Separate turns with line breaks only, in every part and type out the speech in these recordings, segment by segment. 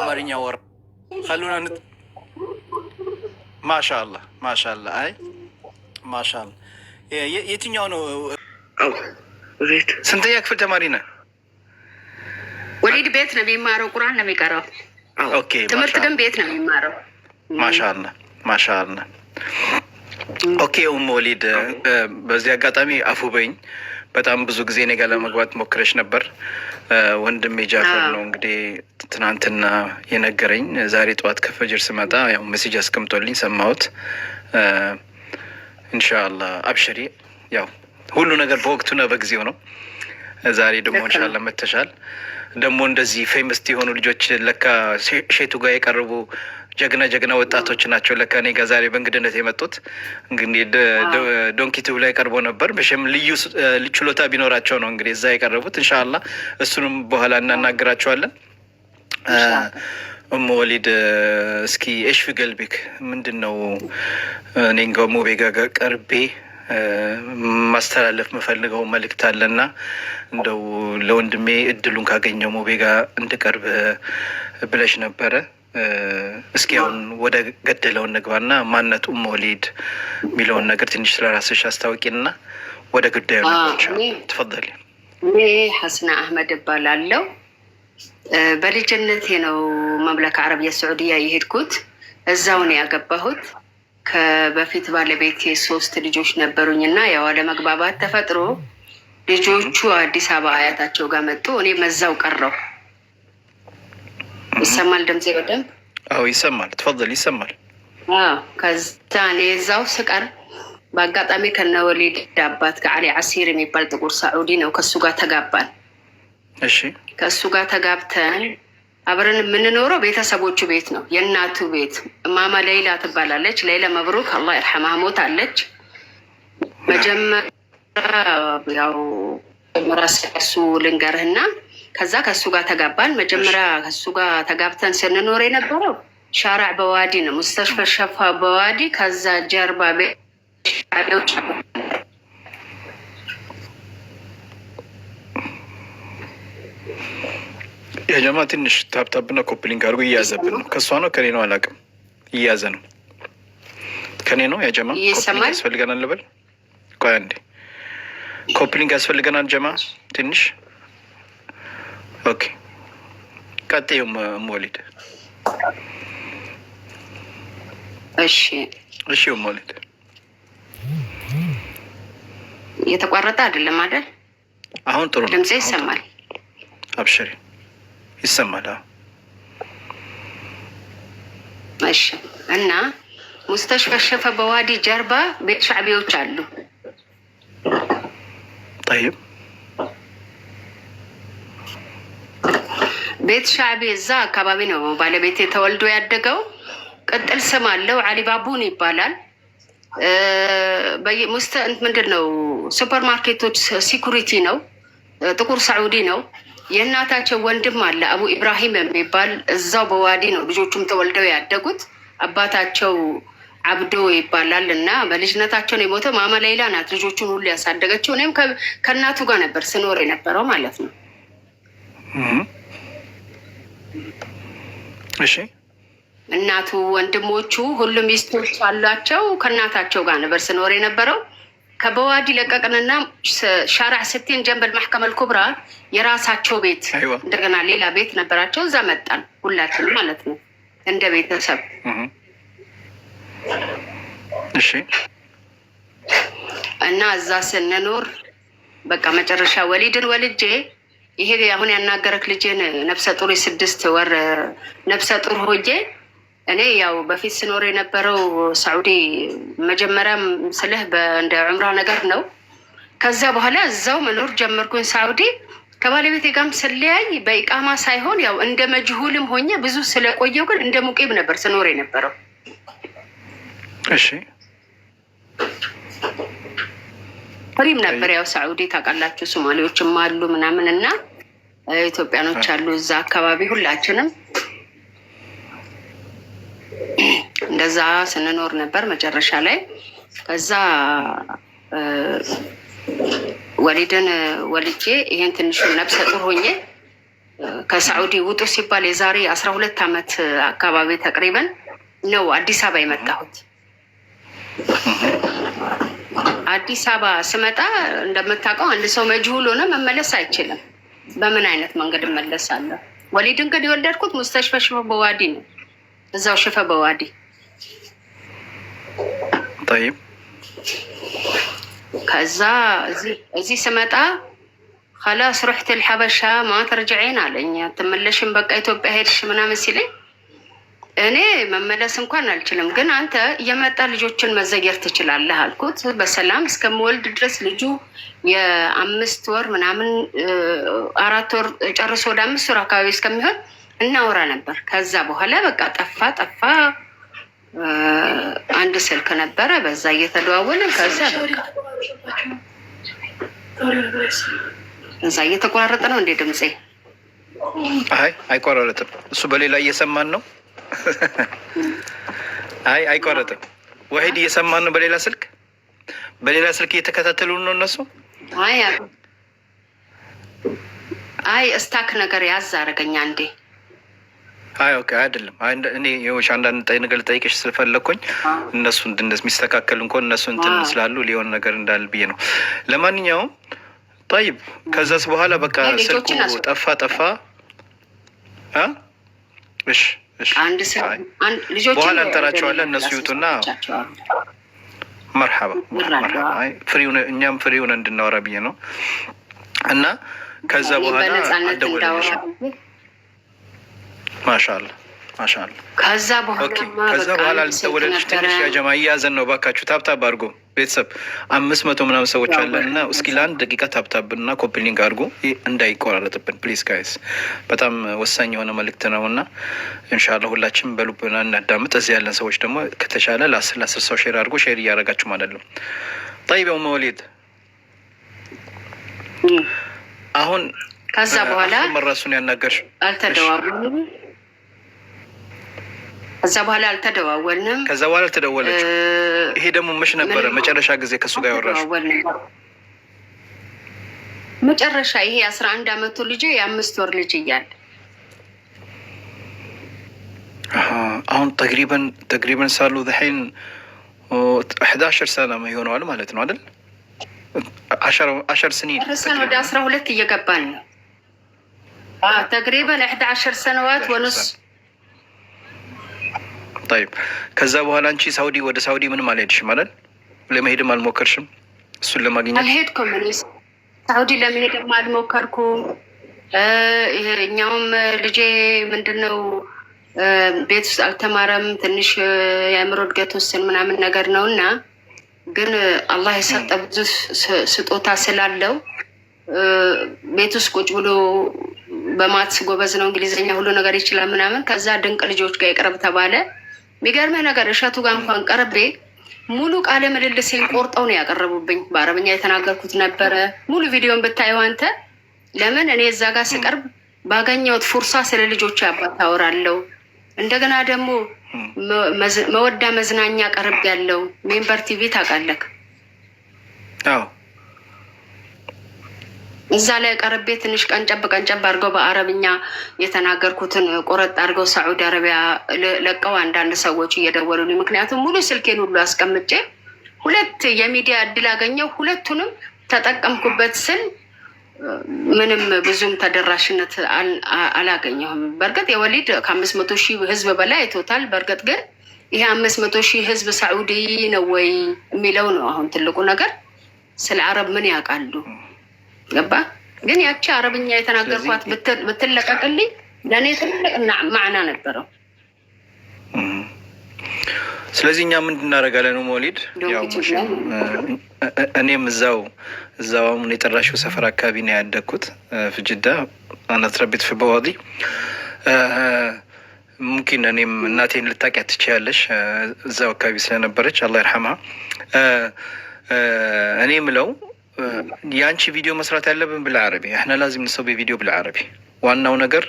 አማርኛ ወር ከሉና ንት ማሻላ ማሻላ አይ ማሻላ። የትኛው ነው? ስንተኛ ክፍል ተማሪ ነህ?
ወሊድ ቤት ነው የሚማረው። ቁርአን ነው የሚቀራው። ትምህርት ግን ቤት ነው የሚማረው።
ማሻላ ማሻላ። ኦኬ ኡም ወሊድ፣ በዚህ አጋጣሚ አፉ በይኝ። በጣም ብዙ ጊዜ እኔ ጋር ለመግባት ሞክረሽ ነበር ወንድም ጃፈር ነው እንግዲህ ትናንትና የነገረኝ። ዛሬ ጠዋት ከፈጅር ስመጣ ያው መሴጅ አስቀምጦልኝ ሰማሁት። እንሻላ አብሸሪ ያው ሁሉ ነገር በወቅቱና በጊዜው ነው። ዛሬ ደግሞ እንሻላ መተሻል ደግሞ እንደዚህ ፌምስት የሆኑ ልጆች ለካ ሼቱ ጋር የቀረቡ ጀግና ጀግና ወጣቶች ናቸው። ለካ እኔ ጋር ዛሬ በእንግድነት የመጡት እንግዲህ ዶንኪቲቭ ላይ ቀርቦ ነበር። መቼም ልዩ ችሎታ ቢኖራቸው ነው እንግዲህ እዛ የቀረቡት። እንሻላ እሱንም በኋላ እናናግራቸዋለን። እሞ ወሊድ እስኪ ኤሽፊ ገልቢክ ምንድን ነው እኔ ጋር ሞቤ ጋር ቀርቤ ማስተላለፍ የምፈልገው መልእክት አለና እንደው ለወንድሜ እድሉን ካገኘው ሞቤ ጋር እንድቀርብ ብለሽ ነበረ። እስኪ አሁን ወደ ገደለውን ንግባና ማነት ኡም ወሊድ የሚለውን ነገር ትንሽ ስለራስሽ አስታውቂና ወደ ጉዳዩ ትፈል።
እኔ ሀስና አህመድ እባላለሁ። በልጅነቴ ነው መምለክ አረቢያ ስዑድያ የሄድኩት። እዛው ነው ያገባሁት። ከበፊት ባለቤት ሶስት ልጆች ነበሩኝ እና ያው አለመግባባት ተፈጥሮ ልጆቹ አዲስ አበባ አያታቸው ጋር መጡ። እኔ መዛው ቀረው። ይሰማል ድምፄ በደንብ?
አዎ ይሰማል። ትፈል ይሰማል።
ከዛ እኔ እዛው ስቀር በአጋጣሚ ከነወሊድ አባት ከአሊ አሲር የሚባል ጥቁር ሳዑዲ ነው። ከሱ ጋር ተጋባን። እሺ ከእሱ ጋር ተጋብተን አብረን የምንኖረው ቤተሰቦቹ ቤት ነው፣ የእናቱ ቤት። ማማ ሌይላ ትባላለች። ሌይላ መብሩክ ርሐማ ሞት አለች። መጀመሪያ እሱ ልንገርህና ከዛ ከሱ ጋር ተጋባን። መጀመሪያ ከሱ ጋር ተጋብተን ስንኖር የነበረው ሻራዕ በዋዲ ነው፣ ሙስተሽፈ ሸፋ በዋዲ ከዛ ጀርባ ቤ
የጀማ ትንሽ ታብታብና ኮፕሊንግ አድርጎ እያዘብን ነው። ከእሷ ነው ከኔ ነው አላውቅም፣ እያዘ ነው። ከኔ ነው ያጀማ ኮፕሊንግ ያስፈልገናል። ልበል ቆይ አንዴ፣ ኮፕሊንግ ያስፈልገናል ጀማ ትንሽ። ኦኬ ቀጥዩ ሞሊድ። እሺ እሺ፣ ሞሊድ
የተቋረጠ አይደለም አይደል? አሁን ጥሩ ነው፣ ድምጽ ይሰማል።
አብሽሪ ይሰማል።
እሺ እና ሙስተሽፈሸፈ በዋዲ ጀርባ ቤት ሻዕቢዎች አሉ። ጠይብ ቤት ሻዕቢ እዛ አካባቢ ነው ባለቤት ተወልዶ ያደገው። ቅጥል ስም አለው አሊባቡን ይባላል። ሙስተ ምንድን ነው ሱፐር ማርኬቶች ሲኩሪቲ ነው። ጥቁር ሳዑዲ ነው። የእናታቸው ወንድም አለ አቡ ኢብራሂም የሚባል እዛው በዋዲ ነው ልጆቹም ተወልደው ያደጉት። አባታቸው አብዶ ይባላል እና በልጅነታቸው ነው የሞተው። ማማ ሌላ ናት ልጆቹን ሁሉ ያሳደገችው። እኔም ከእናቱ ጋር ነበር ስኖር የነበረው ማለት ነው። እሺ እናቱ፣ ወንድሞቹ ሁሉም ሚስቶች አሏቸው። ከእናታቸው ጋር ነበር ስኖር የነበረው። ከበዋዲ ለቀቅንና ሻራ ስቴን ጀንበል ማሕከመል ኩብራ የራሳቸው ቤት እንደገና ሌላ ቤት ነበራቸው። እዛ መጣን ሁላችን ማለት ነው እንደ ቤተሰብ። እሺ እና እዛ ስንኖር በቃ መጨረሻ ወሊድን ወልጄ ይሄ አሁን ያናገረክ ልጅን ነፍሰ ጡር የስድስት ወር ነፍሰ ጡር ሆጄ እኔ ያው በፊት ስኖር የነበረው ሳዑዲ መጀመሪያም ስልህ እንደ ዑምራ ነገር ነው። ከዛ በኋላ እዛው መኖር ጀመርኩኝ ሳዑዲ። ከባለቤቴ ጋርም ስለያይ በኢቃማ ሳይሆን ያው እንደ መጅሁልም ሆኜ ብዙ ስለቆየው ግን እንደ ሙቂብ ነበር ስኖር የነበረው። እሺ ፍሪም ነበር ያው ሳዑዲ ታውቃላችሁ፣ ሶማሌዎችም አሉ ምናምን እና ኢትዮጵያኖች አሉ እዛ አካባቢ ሁላችንም እንደዛ ስንኖር ነበር። መጨረሻ ላይ ከዛ ወሊድን ወልጄ ይሄን ትንሹ ነብሰ ጡር ሆኜ ከሳዑዲ ውጡ ሲባል የዛሬ አስራ ሁለት ዓመት አካባቢ ተቅሪበን ነው አዲስ አበባ የመጣሁት። አዲስ አበባ ስመጣ እንደምታውቀው አንድ ሰው መጅሁል ሆነ መመለስ አይችልም። በምን አይነት መንገድ እመለሳለሁ? ወሊድን ግን የወለድኩት ሙስተሽፈሽ በዋዲ ነው። እዛው ሽፈ በዋዲ ጠይም። ከዛ እዚህ ስመጣ ከላስ ሩሕት ልሓበሻ ማት ርጅዐን አለኝ። አትመለሽም በቃ ኢትዮጵያ ሄድሽ ምናምን ሲለኝ እኔ መመለስ እንኳን አልችልም፣ ግን አንተ እየመጣ ልጆችን መዘገር ትችላለህ አልኩት። በሰላም እስከምወልድ ድረስ ልጁ የአምስት ወር ምናምን አራት ወር ጨርሶ ወደ አምስት ወር አካባቢ እስከሚሆን እናወራ ነበር። ከዛ በኋላ በቃ ጠፋ ጠፋ። አንድ ስልክ ነበረ፣ በዛ እየተደዋወልን ከዛ እዛ እየተቆራረጠ ነው እንዴ ድምፄ?
አይ አይቆራረጥም። እሱ በሌላ እየሰማን ነው። አይ አይቆረጥም። ወሄድ እየሰማን ነው። በሌላ ስልክ በሌላ ስልክ እየተከታተሉ ነው እነሱ።
አይ አይ እስታክ ነገር ያዝ አደረገኛ እንዴ
አይ ኦኬ፣ አይደለም እኔ ዎች አንዳንድ ነገር ልጠይቅሽ ስለፈለግኩኝ እነሱ እንድነስ የሚስተካከል እንኳን እነሱ እንትን ስላሉ ሊሆን ነገር እንዳል ብዬ ነው። ለማንኛውም ጠይብ፣ ከዛስ በኋላ በቃ ስልኩ ጠፋ ጠፋ። እሺ በኋላ እንጠራቸዋለን እነሱ ይውጡና መርሓባ መርሓባ። እኛም ፍሪ እንድናወራ ብዬ ነው። እና ከዛ በኋላ አልደወለልሽም ማሻል ማሻል። ከዛ በኋላ ልትወለድሽ ትንሽ ያጀማ እያዘን ነው። ባካችሁ ታብታብ አድርጎ ቤተሰብ አምስት መቶ ምናምን ሰዎች አለን እና እስኪ ለአንድ ደቂቃ ታብታብ እና ኮፒሊንግ አድርጎ እንዳይቆራረጥብን ፕሊዝ ጋይስ። በጣም ወሳኝ የሆነ መልእክት ነው እና እንሻላ ሁላችን በሉብና እናዳምጥ። እዚህ ያለን ሰዎች ደግሞ ከተቻለ ለአስር ለአስር ሰው ሼር አድርጎ ሼር እያደረጋችሁ ማለት ነው። ጠይብ ኡመ ወሊድ አሁን ከዛ በኋላ መራሱን ያናገርሽ
አልተደዋወሉም ከዛ በኋላ አልተደዋወልንም።
ከዛ በኋላ አልተደወለች። ይሄ ደግሞ መች ነበረ መጨረሻ ጊዜ ከእሱ ጋር ያወራሽ?
መጨረሻ ይሄ አስራ አንድ አመቱ ልጅ የአምስት ወር ልጅ እያለ
አሁን ተግሪበን ተግሪበን ሳሉ ዘሐይን ሕዳሽር ሰነ ይሆነዋል ማለት ነው አይደል? አሸር ስኒ
ሰን ወደ አስራ ሁለት እየገባን ነው ተግሪበን ሕዳሽር ሰነዋት ወንስ
ጣይብ። ከዛ በኋላ አንቺ ሳውዲ ወደ ሳውዲ ምንም አልሄድሽም አለን ለመሄድም አልሞከርሽም። እሱን ለማግኘት
አልሄድኩም። ሳውዲ ለመሄድም አልሞከርኩም። እኛውም ልጄ ምንድን ነው ቤት ውስጥ አልተማረም። ትንሽ የአእምሮ እድገት ውስን ምናምን ነገር ነው እና ግን አላህ የሰጠ ብዙ ስጦታ ስላለው ቤት ውስጥ ቁጭ ብሎ በማትስ ጎበዝ ነው፣ እንግሊዝኛ ሁሉ ነገር ይችላል ምናምን። ከዛ ድንቅ ልጆች ጋር ይቅረብ ተባለ። የሚገርመህ ነገር እሸቱ ጋር እንኳን ቀርቤ ሙሉ ቃለ ምልልሴን ቆርጠው ነው ያቀረቡብኝ። በአረብኛ የተናገርኩት ነበረ። ሙሉ ቪዲዮን ብታየው አንተ። ለምን እኔ እዛ ጋር ስቀርብ ባገኘሁት ፉርሳ ስለ ልጆች አባት አወራለሁ። እንደገና ደግሞ መወዳ መዝናኛ ቀርብ ያለው ሜምበር ቲቪ ታውቃለህ? እዛ ላይ ቀርቤ ትንሽ ቀንጨብ ቀንጨብ አድርገው በአረብኛ የተናገርኩትን ቆረጥ አድርገው ሳዑዲ አረቢያ ለቀው አንዳንድ ሰዎች እየደወሉልኝ፣ ምክንያቱም ሙሉ ስልኬን ሁሉ አስቀምጬ ሁለት የሚዲያ እድል አገኘው፣ ሁለቱንም ተጠቀምኩበት ስል ምንም ብዙም ተደራሽነት አላገኘሁም። በእርግጥ የወሊድ ከአምስት መቶ ሺህ ህዝብ በላይ ቶታል። በእርግጥ ግን ይሄ አምስት መቶ ሺህ ህዝብ ሳዑዲ ነው ወይ የሚለው ነው አሁን ትልቁ ነገር። ስለ አረብ ምን ያውቃሉ? ገባ ግን ያቺ አረብኛ የተናገርኳት ብትለቀቅልኝ ለእኔ ትልቅ ማዕና ነበረው።
ስለዚህ እኛ ምን እናደርጋለን? ሞሊድ እኔም እዛው እዛው አሁን የጠራሽው ሰፈር አካባቢ ነው ያደግኩት ፍጅዳ አናትረቤት ፍበዋዲ ሙምኪን እኔም እናቴን ልታውቂያት ትችያለሽ እዛው አካባቢ ስለነበረች አላህ ይርሐማ እኔ ምለው የአንቺ ቪዲዮ መስራት ያለብን ብልዓረቢ እህና ላዚም ንሰው ቪዲዮ ብልዓረቢ። ዋናው ነገር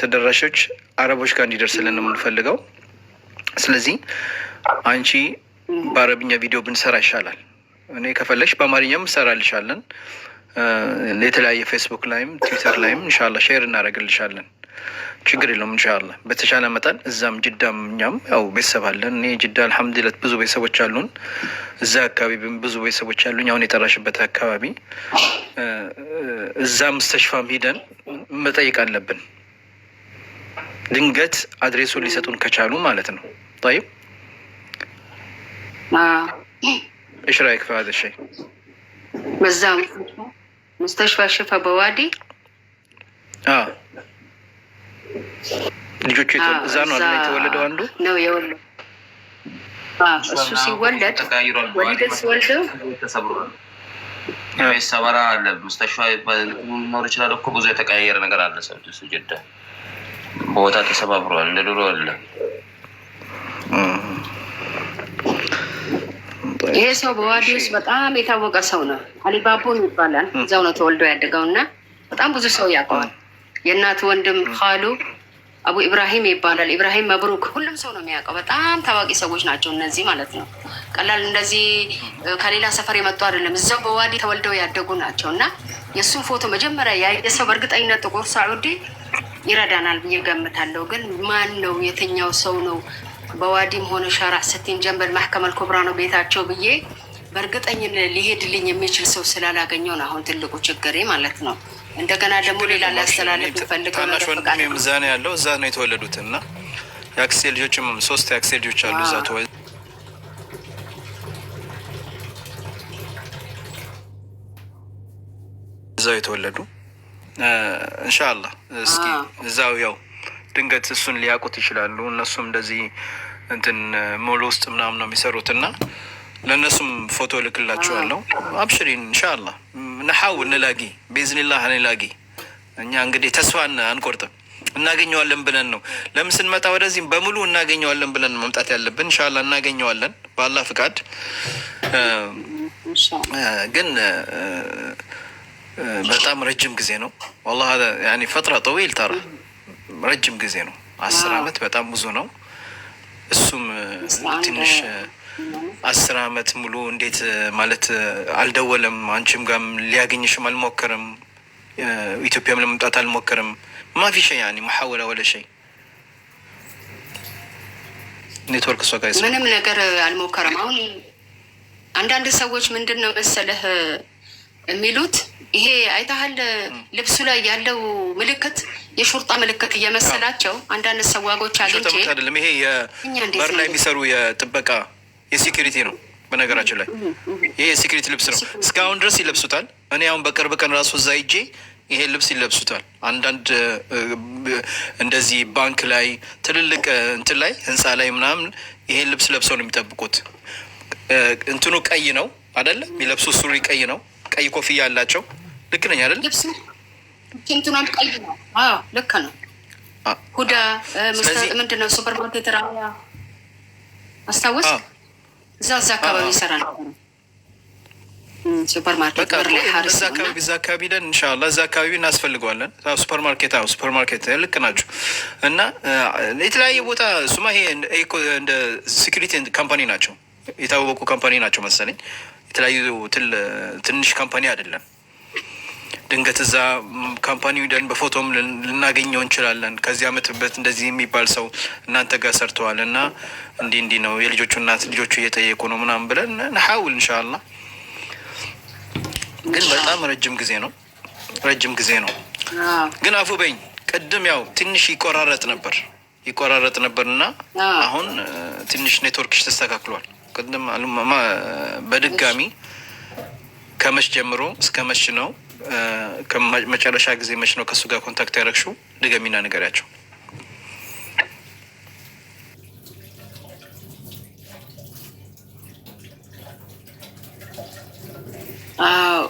ተደራሾች አረቦች ጋር እንዲደርስልን ነው የምንፈልገው። ስለዚህ አንቺ በአረብኛ ቪዲዮ ብንሰራ ይሻላል። እኔ ከፈለሽ በአማርኛም እንሰራልሻለን። የተለያየ ፌስቡክ ላይም ትዊተር ላይም እንሻላ ሼር እናደርግልሻለን። ችግር የለውም እንሻላ በተቻለ መጠን እዛም ጅዳም እኛም ያው ቤተሰብ አለን። እኔ ጅዳ አልሐምዱሊላህ ብዙ ቤተሰቦች አሉን። እዛ አካባቢ ብዙ ቤተሰቦች አሉኝ። አሁን የጠራሽበት አካባቢ እዛ ምስተሽፋም ሂደን መጠየቅ አለብን። ድንገት አድሬሱን ሊሰጡን ከቻሉ ማለት ነው። ይም እሽራ ይክፋ ፈሀደ
በዛ ሙስተሽፋ ሽፋ በዋዲ
ልጆቹ እዛ ነው አለ የተወለደው አንዱ
ነው የወለደው። እሱ ሲወለድ ወሊደን ሲወልደው
ሰበራ አለ ሙስተሻ ኖር ይችላል እኮ ብዙ የተቀያየረ ነገር አለ። ሰው ሱ ጀዳ በቦታ ተሰባብሯል። እንደ ድሮ አለ።
ይሄ ሰው በዋዲ ውስጥ በጣም የታወቀ ሰው ነው። አሊባቦ ይባላል። እዛው ነው ተወልዶ ያደገው እና በጣም ብዙ ሰው ያውቀዋል። የእናት ወንድም ካሉ አቡ ኢብራሂም ይባላል። ኢብራሂም መብሩክ ሁሉም ሰው ነው የሚያውቀው። በጣም ታዋቂ ሰዎች ናቸው እነዚህ ማለት ነው። ቀላል እንደዚህ ከሌላ ሰፈር የመጡ አይደለም። እዛው በዋዲ ተወልደው ያደጉ ናቸው እና የእሱን ፎቶ መጀመሪያ ያየ ሰው በእርግጠኝነት ጥቁር ሳዑዲ ይረዳናል ብዬ ገምታለሁ። ግን ማን ነው የትኛው ሰው ነው በዋዲም ሆነ ሻራ ስቲን ጀንበል ማህከመል ኩብራ ነው ቤታቸው ብዬ በእርግጠኝነት ሊሄድልኝ የሚችል ሰው ስላላገኘውን አሁን ትልቁ ችግሬ ማለት ነው እንደገና ደግሞ ሌላ ሊያስተላለፍ
ፈልገው ታናሽ ወንድሜም እዛ ነው ያለው። እዛ ነው የተወለዱት እና የአክስቴ ልጆችም ሶስት የአክስቴ ልጆች አሉ እዛ ተወ እዛው የተወለዱ እንሻላ እስኪ እዛው ያው ድንገት እሱን ሊያውቁት ይችላሉ። እነሱም እንደዚህ እንትን ሞል ውስጥ ምናምን ነው የሚሰሩት እና ለእነሱም ፎቶ ልክላችኋለሁ። አብሽሪን እንሻላ ነሐው እንላጊ ቤዝኒላህ እንላጊ። እኛ እንግዲህ ተስፋ አንቆርጥም፣ እናገኘዋለን ብለን ነው። ለምን ስንመጣ ወደዚህም በሙሉ እናገኘዋለን ብለን መምጣት ያለብን። እንሻላ እናገኘዋለን በአላህ ፍቃድ። ግን በጣም ረጅም ጊዜ ነው ወላሂ ፈጥራ ጠዊል ተራ ረጅም ጊዜ ነው። አስር አመት በጣም ብዙ ነው። እሱም ትንሽ አስር አመት ሙሉ እንዴት ማለት አልደወለም? አንቺም ጋም ሊያገኝሽም አልሞከርም? ኢትዮጵያም ለመምጣት አልሞከርም? ማፊ ሸይ ያኒ መሐወላ ወለ ሸይ ኔትወርክ እሷ ጋር
ምንም ነገር አልሞከረም። አሁን አንዳንድ ሰዎች ምንድን ነው መሰለህ የሚሉት ይሄ አይታህል ልብሱ ላይ ያለው ምልክት የሹርጣ ምልክት እየመሰላቸው አንዳንድ ሰዋጎች አግኝቼ
ይሄ በር ላይ የሚሰሩ የጥበቃ የሴኩሪቲ ነው። በነገራችን ላይ ይሄ የሴኩሪቲ ልብስ ነው። እስካሁን ድረስ ይለብሱታል። እኔ አሁን በቅርብ ቀን ራሱ እዛ ሂጄ ይሄ ልብስ ይለብሱታል። አንዳንድ እንደዚህ ባንክ ላይ ትልልቅ እንትን ላይ ህንፃ ላይ ምናምን ይሄን ልብስ ለብሰው ነው የሚጠብቁት። እንትኑ ቀይ ነው አደለ? የሚለብሱ ሱሪ ቀይ ነው። ቀይ ኮፍያ አላቸው። ልክ ነኝ አደለ?
ቀይ ነው። ልክ ነው። ሁዳ ምንድነው ሱፐርማርኬት ራ አስታወስ እዛ እዛ አካባቢ ይሰራል። ሱፐርማርኬት
እዛ አካባቢ እዛ አካባቢ ደን እንሻላ እዛ አካባቢ እናስፈልገዋለን። ሱፐር ልክ እና የተለያየ ቦታ እሱማ ይሄ እንደ ካምፓኒ ናቸው፣ የታወቁ ካምፓኒ ናቸው መሰለኝ። የተለያዩ ትንሽ ካምፓኒ አይደለም። ድንገት እዛ ካምፓኒ ደን በፎቶም ልናገኘው እንችላለን። ከዚህ አመት በት እንደዚህ የሚባል ሰው እናንተ ጋር ሰርተዋል እና እንዲህ እንዲህ ነው የልጆቹ እናት ልጆቹ እየጠየቁ ነው ምናምን ብለን ንሀውል እንሻላ። ግን በጣም ረጅም ጊዜ ነው፣ ረጅም ጊዜ ነው። ግን አፉ በኝ ቅድም ያው ትንሽ ይቆራረጥ ነበር ይቆራረጥ ነበር እና አሁን ትንሽ ኔትወርክሽ ተስተካክሏል። ቅድም በድጋሚ ከመሽ ጀምሮ እስከ መሽ ነው ከመጨረሻ ጊዜ መች ነው ከእሱ ጋር ኮንታክት ያደረግሽው? ድገሚና ንገሪያቸው። አዎ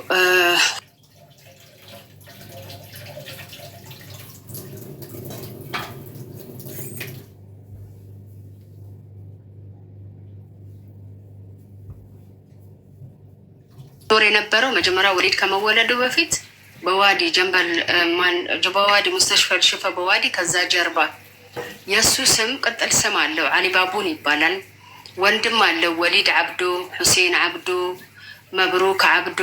ጦር የነበረው መጀመሪያ ወሊድ ከመወለዱ በፊት በዋዲ ጀንበል በዋዲ ሙስተሽፈል ሽፈ በዋዲ ከዛ ጀርባ የእሱ ስም ቅጥል ስም አለው አሊባቡን ይባላል። ወንድም አለው ወሊድ አብዶ፣ ሁሴን አብዶ፣ መብሩክ አብዶ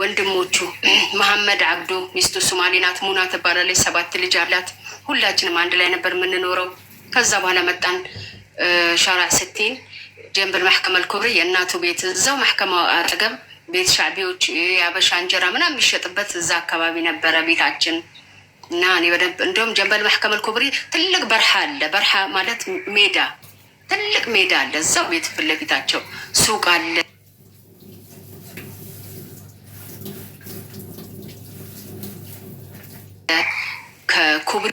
ወንድሞቹ መሐመድ አብዶ። ሚስቱ ሶማሌ ናት፣ ሙና ትባላለች። ሰባት ልጅ አላት። ሁላችንም አንድ ላይ ነበር የምንኖረው። ከዛ በኋላ መጣን ሻራ ስቲን ጀንብል ማሕከመል ኩብሪ የእናቱ ቤት እዛው ማሕከማ አጠገብ ቤት ሻቢዎች የአበሻ እንጀራ ምናምን የሚሸጥበት እዛ አካባቢ ነበረ ቤታችን እና እኔ በደንብ እንዲሁም ጀንበል መሐከመል ኩብሪ ትልቅ በርሃ አለ። በርሃ ማለት ሜዳ፣ ትልቅ ሜዳ አለ። እዛው ቤት ፊት ለፊታቸው ሱቅ አለ። ከኩብሪ